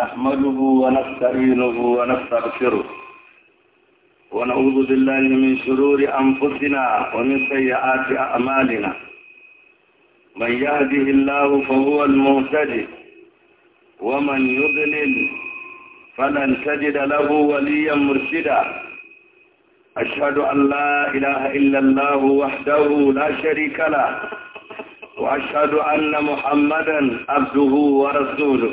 نحمده ونستعينه ونستغفره ونعوذ بالله من شرور أنفسنا ومن سيئات أعمالنا من يهده الله فهو المهتدي ومن يضلل فلن تجد له وليا مرشدا أشهد أن لا إله إلا الله وحده لا شريك له وأشهد أن محمدا عبده ورسوله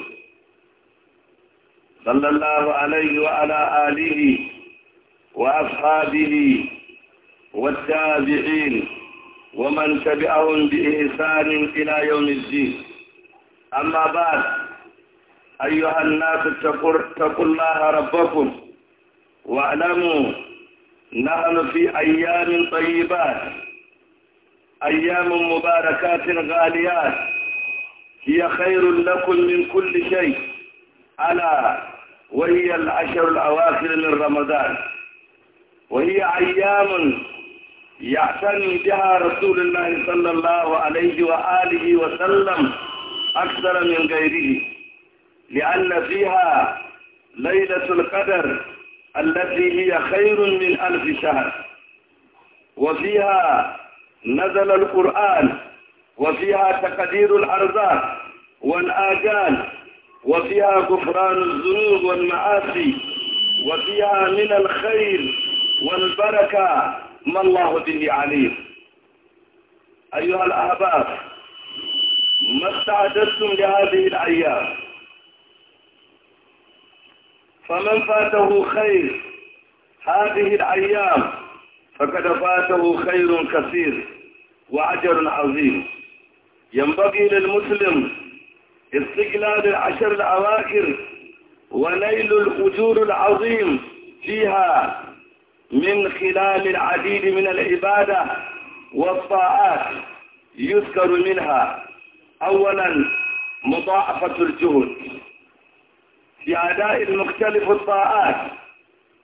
صلى الله عليه وعلى آله وأصحابه والتابعين ومن تبعهم بإحسان إلى يوم الدين أما بعد أيها الناس اتقوا الله ربكم واعلموا نحن في أيام طيبات أيام مباركات غاليات هي خير لكم من كل شيء ألا وهي العشر الأواخر من رمضان وهي أيام يعتني بها رسول الله صلى الله عليه وآله وسلم أكثر من غيره لأن فيها ليلة القدر التي هي خير من ألف شهر وفيها نزل القرآن وفيها تقدير الأرزاق والآجال وفيها غفران الذنوب والمعاصي وفيها من الخير والبركة ما الله به عليم أيها الأحباب ما استعددتم لهذه الأيام فمن فاته خير هذه الأيام فقد فاته خير كثير وعجر عظيم ينبغي للمسلم استقلال العشر الأواخر ونيل الأجور العظيم فيها من خلال العديد من العبادة والطاعات يذكر منها أولا مضاعفة الجهد في أداء مختلف الطاعات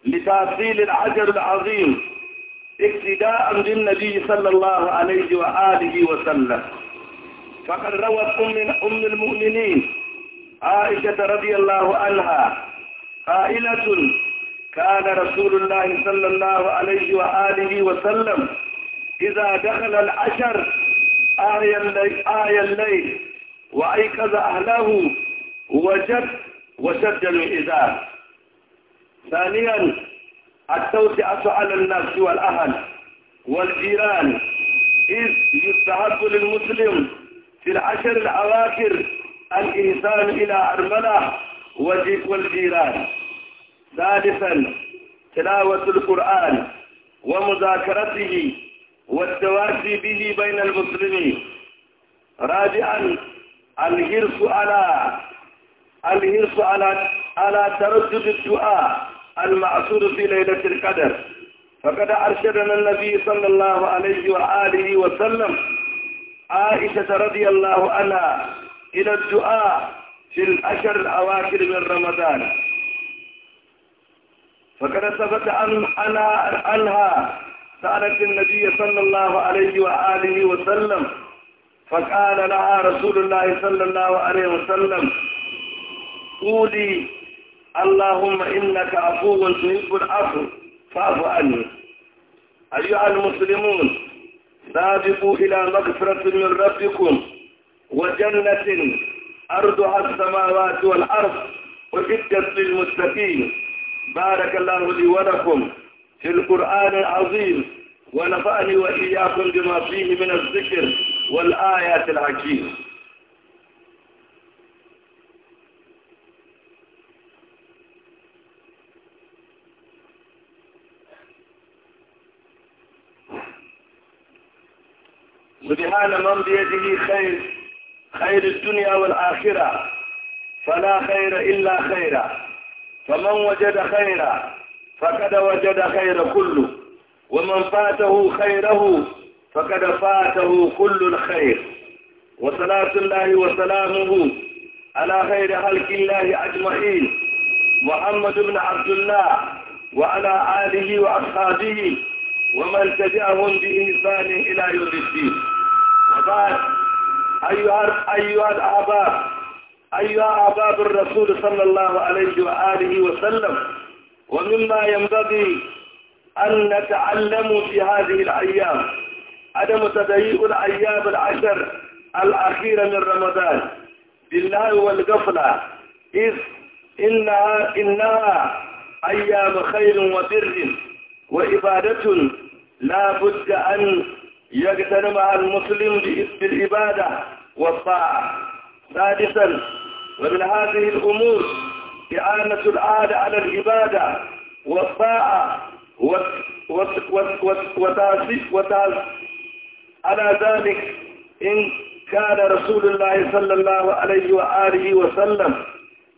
لتحصيل العجر العظيم اقتداء بالنبي صلى الله عليه وآله وسلم فقد روت أم, أم المؤمنين عائشة رضي الله عنها قائلة كان رسول الله صلى الله عليه وآله وسلم إذا دخل العشر آية الليل, آي الليل وأيقظ أهله وجد وشد الإذان ثانيا التوسعة على الناس والأهل والجيران إذ يستحب للمسلم في العشر الأواخر الإنسان إلى أرملة والجيران ثالثا تلاوة القرآن ومذاكرته والتواسي به بين المسلمين رابعا الهرس على الهرس على على تردد الدعاء المعصور في ليلة القدر فقد أرشدنا النبي صلى الله عليه وآله وسلم عائشة رضي الله عنها إلى الدعاء في الأشهر الأواخر من رمضان فقد ثبت عنها سألت النبي صلى الله عليه وآله وسلم فقال لها رسول الله صلى الله عليه وسلم قولي اللهم إنك عفو تحب العفو فاعف عني أيها المسلمون سابقوا إلى مغفرة من ربكم وجنة أرضها السماوات والأرض وعدة للمستقيم بارك الله لي ولكم في القرآن العظيم ونفعني وإياكم بما فيه من الذكر والآيات الحكيمة سبحان من بيده خير خير الدنيا والآخرة فلا خير إلا خيرا فمن وجد خيرا فقد وجد خير كله ومن فاته خيره فقد فاته كل الخير وصلاة الله وسلامه على خير خلق الله أجمعين محمد بن عبد الله وعلى آله وأصحابه ومن تبعهم بإحسان إلى يوم الدين القرآن أيها أيها الآباء أيها آباء الرسول صلى الله عليه وآله وسلم ومما ينبغي أن نتعلم في هذه الأيام عدم تضييق الأيام العشر الأخيرة من رمضان بالله والغفلة إذ إنها إنها أيام خير وبر وإبادة لا بد أن يغتنمها المسلم العبادة والطاعة سادسا ومن هذه الأمور إعانة الأهل على العبادة والطاعة على ذلك إن كان رسول الله صلى الله عليه وآله وسلم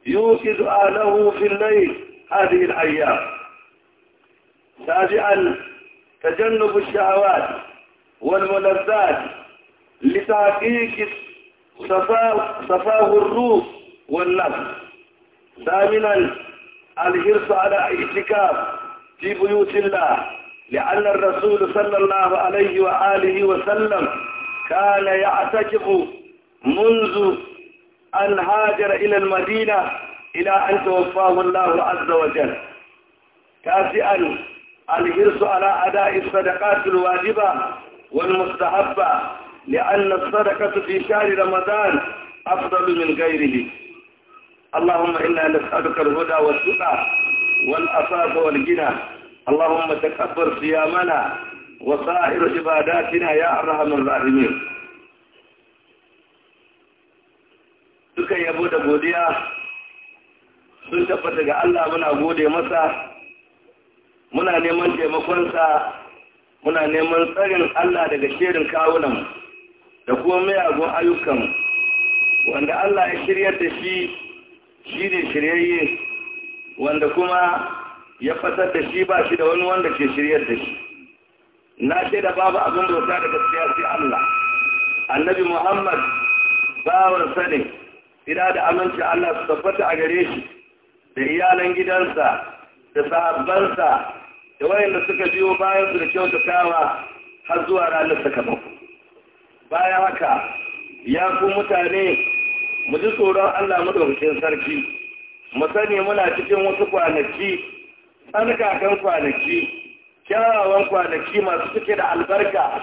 يوقظ أهله في الليل هذه الأيام سابعا تجنب الشهوات والملذات لتحقيق صفاه الروح والنفس ثامنا الحرص على الاعتكاف في بيوت الله لأن الرسول صلى الله عليه وآله وسلم كان يعتكف منذ أن هاجر إلى المدينة إلى أن توفاه الله عز وجل تاسعا الحرص على أداء الصدقات الواجبة والمستحبة لأن الصدقة في شهر رمضان أفضل من غيره اللهم إنا نسألك الهدى والسقى والأصاف والجنى اللهم تكفر صيامنا وصائر عباداتنا يا أرحم الراحمين duka yabo da godiya sun tabbata ga Allah muna gode masa muna neman taimakonsa muna neman tsarin Allah daga shirin kawunan da kuma miyagun ayyukan wanda Allah ya shirya da shi shi ne shiryayye wanda kuma ya fasar da shi ba shi da wani wanda ke shirya da shi na ce da babu abin bauta da gaskiya Allah annabi Muhammad bawar sani ina da aminci Allah su tabbata a gare shi da iyalan gidansa da sahabbansa da wayanda suka biyo bayan su da kyautatawa har zuwa ranar sakamako bayan haka ya ku mutane mu ji tsoron Allah madaukakin sarki mu sani muna cikin wasu kwanaki tsarkakan kwanaki kyawawan kwanaki masu suke da albarka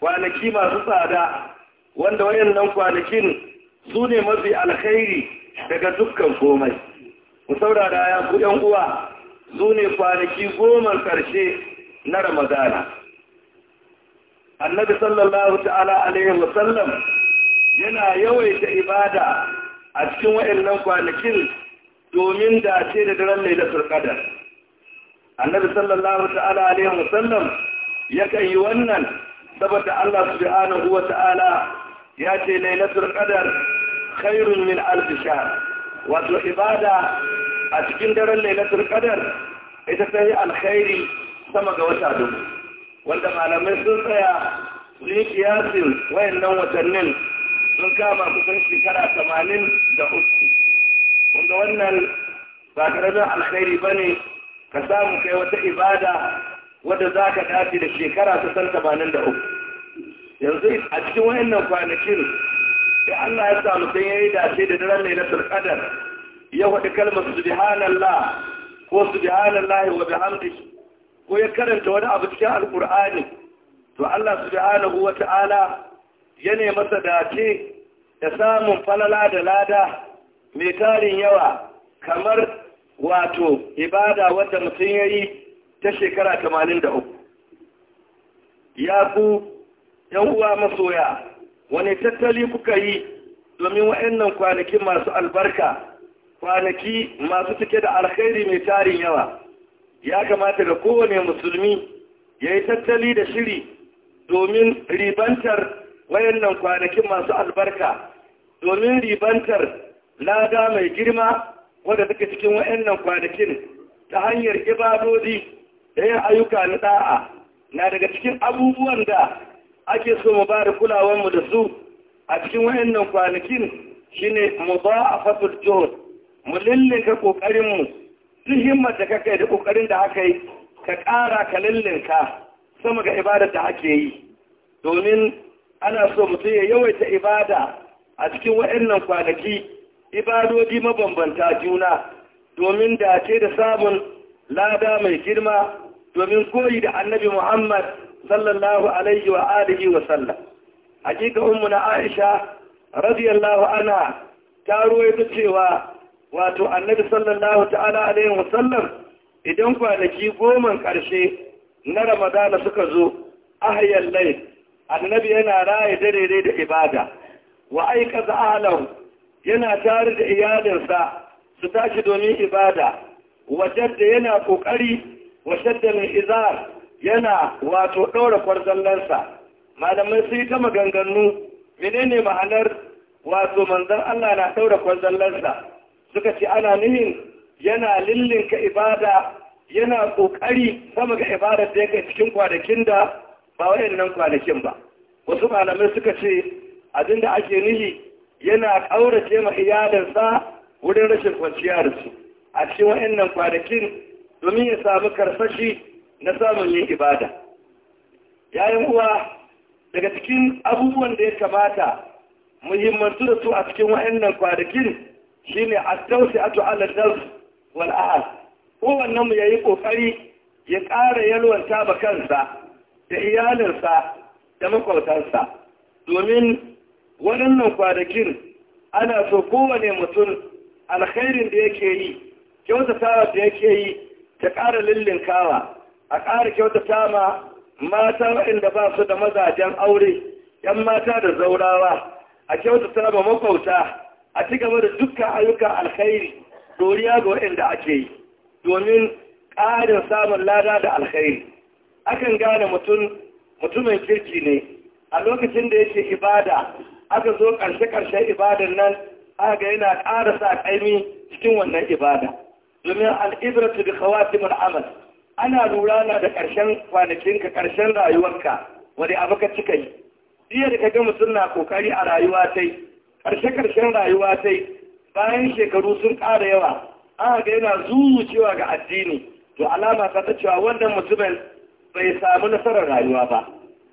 kwanaki masu tsada wanda wayannan kwanakin su ne mafi alkhairi daga dukkan komai mu saurara ya ku yan uwa su ne kwanaki goma ƙarshe na ramadana annabi sallallahu ta'ala alaihi wasallam yana yawaita ibada a cikin wa'annan kwanakin domin dace da daren lailatul qadar annabi sallallahu ta'ala alaihi wasallam yakan yi wannan saboda Allah subhanahu wa ta'ala ya ce lailatul qadar khairun min alf wato ibada a cikin daren lailatul qadar ita ta yi alkhairi sama ga wata dubu wanda malamai sun tsaya sun yi kiyasin wayannan watannin sun kama kusan shekara tamanin da uku kun wannan ba karamin alkhairi ba ne ka samu kai wata ibada wadda za ka dace da shekara ta san tamanin da uku yanzu a cikin wayannan kwanakin da Allah ya samu sai ya yi dace da daren lailatul qadar ya faɗi kalmar subhanallah ko subhanallahi wa bihamdihi ko ya karanta wani abu cikin alkur'ani to Allah subhanahu wa ta'ala ya ne masa dace da samun falala da lada mai tarin yawa kamar wato ibada wanda mutum ya yi ta shekara 83 ya ku ‘yan uwa masoya wani tattali kuka yi domin wa'annan kwanakin masu albarka kwanaki masu cike da alkhairi mai tarin yawa ya kamata ga kowane musulmi ya yi tattali da shiri domin ribantar wayannan kwanakin masu albarka domin ribantar lada mai girma wadda suke cikin wayannan kwanakin ta hanyar ibadodi da yin ayyuka na da'a na daga cikin abubuwan da ake so mu ba da kulawanmu da su a cikin wayannan kwanakin shine mudha'afatul juhud mu lillinka ƙoƙarinmu duk himmar da kaka da ƙoƙarin da aka yi ka ƙara ka lillinka sama ga ibada da ake yi domin ana so mutum ya yawaita ibada a cikin waɗannan kwanaki ibadodi mabambanta juna domin dace da samun lada mai girma domin koyi da annabi Muhammad sallallahu alaihi wa alihi wa sallam hakika ummu na Aisha radiyallahu anha ta ruwaito cewa wato annabi sallallahu ta'ala alaihi wasallam idan kwanaki goman ƙarshe na ramadana suka zo ahayar lai annabi yana raye dare da ibada wa aikaza ahlahu yana tare da iyalinsa su tashi domin ibada wajen da yana ƙoƙari wajen da mai izar yana wato ɗaura kwarzallansa malamai sai ta maganganu menene ma'anar wato manzan Allah na ɗaura kwarzallansa suka ce ana nuhin yana lillinka ibada yana kokari sama ga ibadar da yake cikin kwanakin da ba wayannan kwanakin ba wasu malamai suka ce abin da ake nihi yana ƙaurace ma iyalinsa wurin rashin kwanciya da su a cikin wayannan kwanakin domin ya samu karsashi na samun yin ibada yayin uwa daga cikin abubuwan da ya kamata muhimmantu da su a cikin wayannan kwanakin Shi ne a 'ala a tu'alar wal ahal kowannen mu yayi kokari ya ƙara yalwanta ba kansa da iyalinsa da makwautarsa domin waɗannan kwanakin ana so kowane mutum alkhairin da yake yi kyautatawa da yake yi ta ƙara lillinkawa, a ƙara kyautata ma mata waɗanda ba su da mazajen aure ‘yan mata da zaurawa a kyautata ma makwauta a ci gaba da dukkan ayyukan alkhairi doriya ga waɗanda ake yi domin ƙarin samun lada da alkhairi akan gane mutumin kirki ne a lokacin da yake ibada aka zo ƙarshe-ƙarshen ibadan nan aga yana ƙara sa ƙaimi cikin wannan ibada domin al'ibratu bi khawatimul amal ana lura na da ƙarshen kwanakinka ƙarshen rayuwarka wani abu ka cika yi iya da ka ga mutum na kokari a rayuwa sai ƙarshe-ƙarshen rayuwa sai bayan shekaru sun ƙara yawa aka ga yana cewa ga addini to alama ta ta cewa wannan mutumin bai samu nasarar rayuwa ba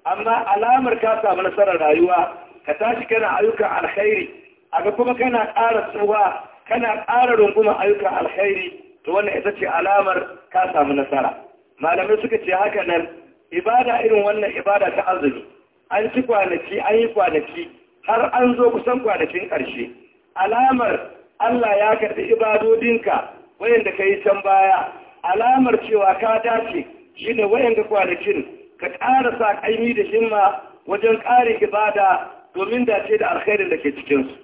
amma alamar ka samu nasarar rayuwa ka tashi kana ayyukan alkhairi aga kuma kana ƙara tsuwa kana ƙara runguma ayyukan alkhairi to wannan ita ce alamar ka samu nasara malamai suka ce haka nan ibada irin wannan ibada ta azumi an ci kwanaki an yi kwanaki har an zo kusan kwanakin ƙarshe alamar Allah ya karɓi ibadodinka wayanda ka yi can baya alamar cewa ka dace shi ne wayanda kwanakin ka ƙara sa ƙaimi da himma wajen ƙarin ibada domin dace da alkhairin da ke cikinsu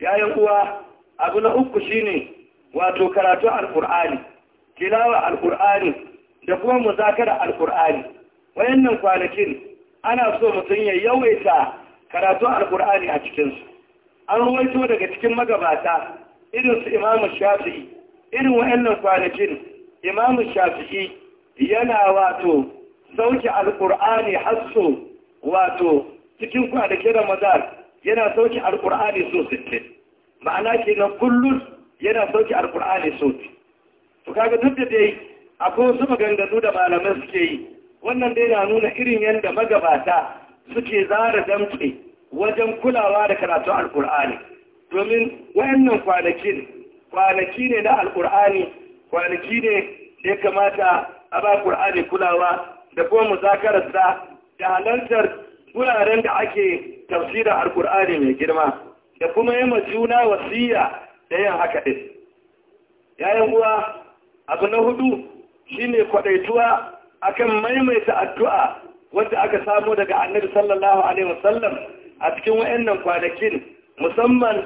yayan uwa abu na uku shine wato karatu alƙur'ani tilawa alƙur'ani da kuma muzakara alƙur'ani wayannan kwanakin ana so mutum ya yawaita karatun alkur'ani a cikinsu an ruwaito daga cikin magabata irin su imamu shafi'i irin wa'annan kwanakin imamu shafi'i yana wato sauke alkur'ani hasso wato cikin kwanakin ramadan yana sauke alkur'ani so ma'ana kenan kullum yana sauke alkur'ani so to kaga duk da dai akwai wasu maganganu da malaman suke yi wannan dai na nuna irin yadda magabata suke zara damtse wajen kulawa da karatun alkur'ani domin wayannan kwanakin kwanaki ne na alkur'ani kwanaki ne da ya kamata a ba kur'ani kulawa da kuma muzakararsa da halartar wuraren da ake tafsirin alkur'ani mai girma da kuma yi juna wasiya da yin haka ɗin yayin uwa abu na hudu shi ne kwadaituwa akan maimaita addu'a Wanda aka samo daga annabi sallallahu alaihi wasallam a cikin wayannan kwanakin musamman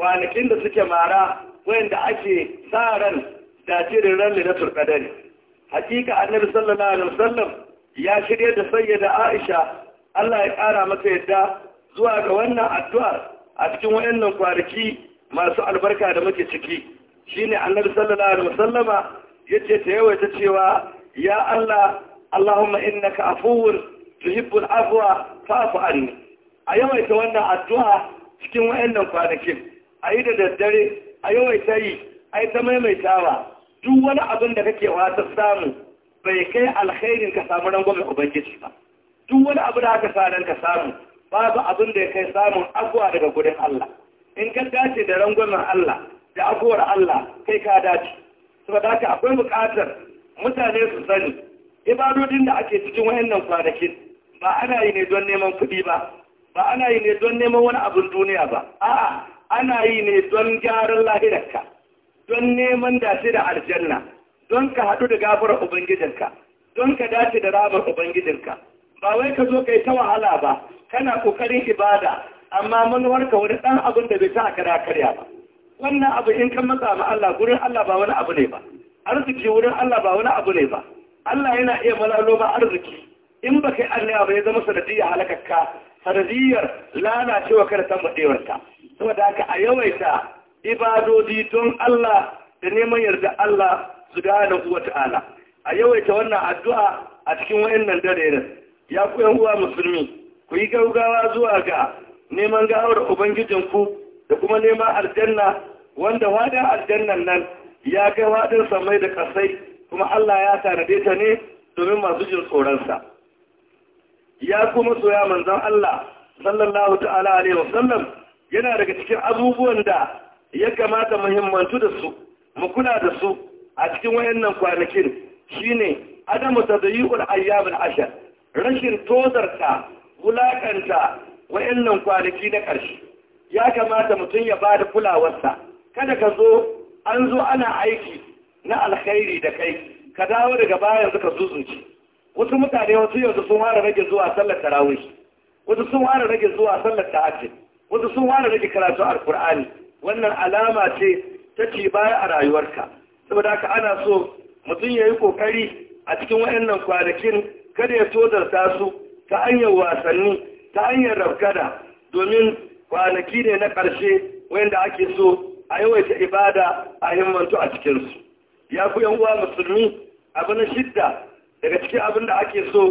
kwanakin da suke mara wayanda ake sa ran dace da ran lailatul hakika annabi sallallahu alaihi wasallam ya shirye da sayyida Aisha Allah ya kara masa yadda zuwa ga wannan addu'a a cikin wayannan kwanaki masu albarka da muke ciki shine annabi sallallahu alaihi wasallama yace ta yawaita cewa ya Allah Allahumma innaka afuwun tuhibbul afwa fa'fu anni a yawaita wannan addu'a cikin wayannan kwanakin a yi da daddare a yawaita yi a yi ta maimaitawa duk wani abin da kake wata samu bai kai alkhairin ka samu rangwamen ubangiji ba duk wani abu da aka sanar ka samu babu abin da ya kai samun afuwa daga gurin Allah in ka dace da rangwamen Allah da afuwar Allah kai ka dace saboda haka akwai bukatar mutane su sani ibadodin da ake cikin wayannan kwanakin ba ana yi ne don neman kuɗi ba ba ana yi ne don neman wani abin duniya ba a'a ana yi ne don gyaran lahirarka don neman dace da aljanna don ka haɗu da gafar ubangijinka don ka dace da rabar ubangijinka ba wai ka zo ka yi ta wahala ba kana kokarin ibada amma ka wani ɗan abin da bai ta da karya ba wannan abu in kan matsa ma Allah gurin Allah ba wani abu ne ba arziki wurin Allah ba wani abu ne ba Allah yana iya malalo ba arziki in ba kai arniya ba ya zama sanadiyar halakakka sanadiyar lalacewa kada ta ta saboda haka a yawaita ibadodi don Allah da neman yarda Allah su gane uwa ta'ala a yawaita wannan addu'a a cikin wayannan dare ne ya ku yan uwa musulmi ku yi gaugawa zuwa ga neman gawar ubangijin ku da kuma neman aljanna wanda wadan aljannan nan ya kai wadan samai da kasai kuma Allah ya tanade ta ne domin masu jin tsoron sa. ya kuma soya manzan Allah sallallahu ta'ala alaihi wasallam yana daga cikin abubuwan da ya kamata muhimmantu da su mu kula da su a cikin wayannan kwanakin shine adamu tadayyul ayyamul ashar rashin tozarta wulakanta wayannan kwanaki na ƙarshe ya kamata mutum ya bada kulawarsa kada ka zo an zo ana aiki na alkhairi da kai ka dawo daga bayan suka zuzunci wasu mutane wasu yanzu sun ware rage zuwa sallar tarawih wasu sun ware rage zuwa sallar tahajjud wasu sun ware rage karatu alqur'ani wannan alama ce ta ci baya a rayuwarka saboda haka ana so mutum yayi kokari a cikin wayannan kwanakin kada ya tozar su ta hanyar wasanni ta hanyar rabkada domin kwanaki ne na ƙarshe wanda ake so a yawaita ibada a himmantu a cikinsu ya ku yan uwa musulmi abu na shidda daga cikin abin da ake so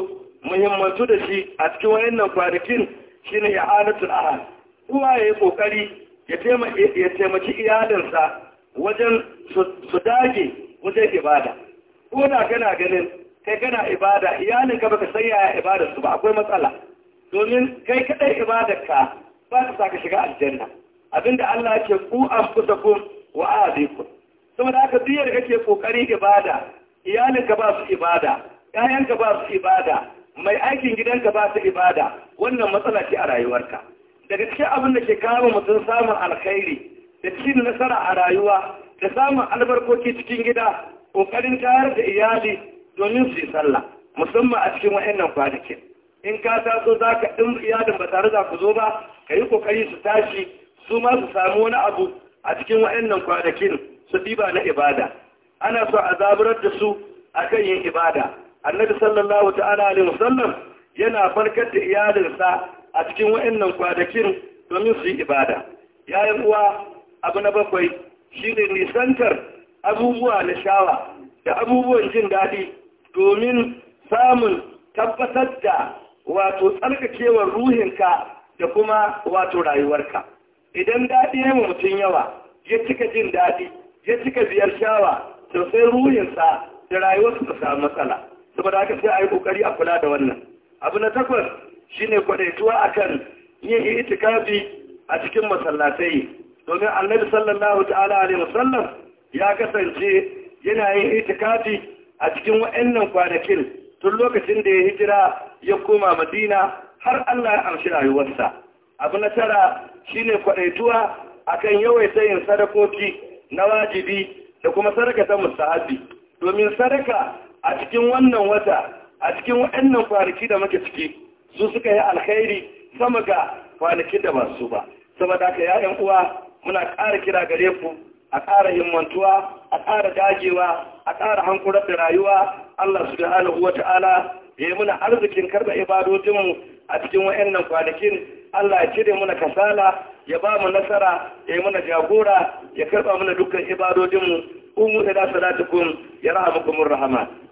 muhimmancu da shi a cikin wayannan kwanakin shine ya halatul ahal Kuma ya yi kokari ya taimaki iyalinsa wajen su dage wajen ibada ko da kana ganin kai kana ibada iyalinka baka san yaya ibadar su ba akwai matsala domin kai kadai ibadar ka ba ka saka shiga aljanna abinda Allah yake ku ku wa ahlikum saboda haka duk yadda kake kokari ibada iyalinka ba su ibada ka ba su ibada mai aikin gidanka ba su ibada wannan matsala ce a rayuwarka daga cikin abin da ke kawo mutum samun alkhairi da cin nasara a rayuwa da samun albarkoki cikin gida ƙoƙarin tayar da iyali domin su yi sallah musamman a cikin wa'annan kwanakin in ka taso za ka ɗin iyalin ba tare za ku zo ba ka yi ƙoƙari su tashi su ma su samu wani abu a cikin wa'annan kwanakin su ɗiba na ibada ana so a zaburar da su a kan yin ibada annabi sallallahu ta'ala alaihi wasallam yana farkar da iyalinsa a cikin wa'annan kwanakin domin su yi ibada yayin uwa abu na bakwai shine nisantar abubuwa na shawa da abubuwan jin daɗi domin samun tabbatar da wato tsarkakewar ruhinka da kuma wato rayuwarka idan daɗi ya mutum yawa ya cika jin daɗi ya cika biyar shawa sosai ruhinsa da rayuwarsa ta samu matsala saboda haka sai a yi kokari a kula da wannan abu na takwas shine kwadaituwa akan yin itikafi a cikin masallatai domin annabi sallallahu ta'ala alaihi wasallam ya kasance yana yin itikafi a cikin wa'annan kwanakin tun lokacin da ya hijira ya koma madina har Allah ya amshi rayuwarsa abu na tara shine kwadaituwa akan yawaita yin sadakoki na wajibi da kuma sadaka ta mustahabi domin sadaka a cikin wannan wata a cikin waɗannan kwanaki da muke ciki su suka yi alkhairi sama ga kwanaki da ba su ba saboda ka yayan uwa muna ƙara kira gare ku a ƙara himmantuwa a ƙara dagewa a ƙara hankurar da rayuwa Allah subhanahu wata'ala ya yi muna arzikin karɓa ibadodinmu a cikin waɗannan kwanakin Allah ya cire muna kasala ya ba mu nasara ya yi muna jagora ya karɓa muna dukkan ibadodinmu umu ila salatukum ya rahamakumur rahama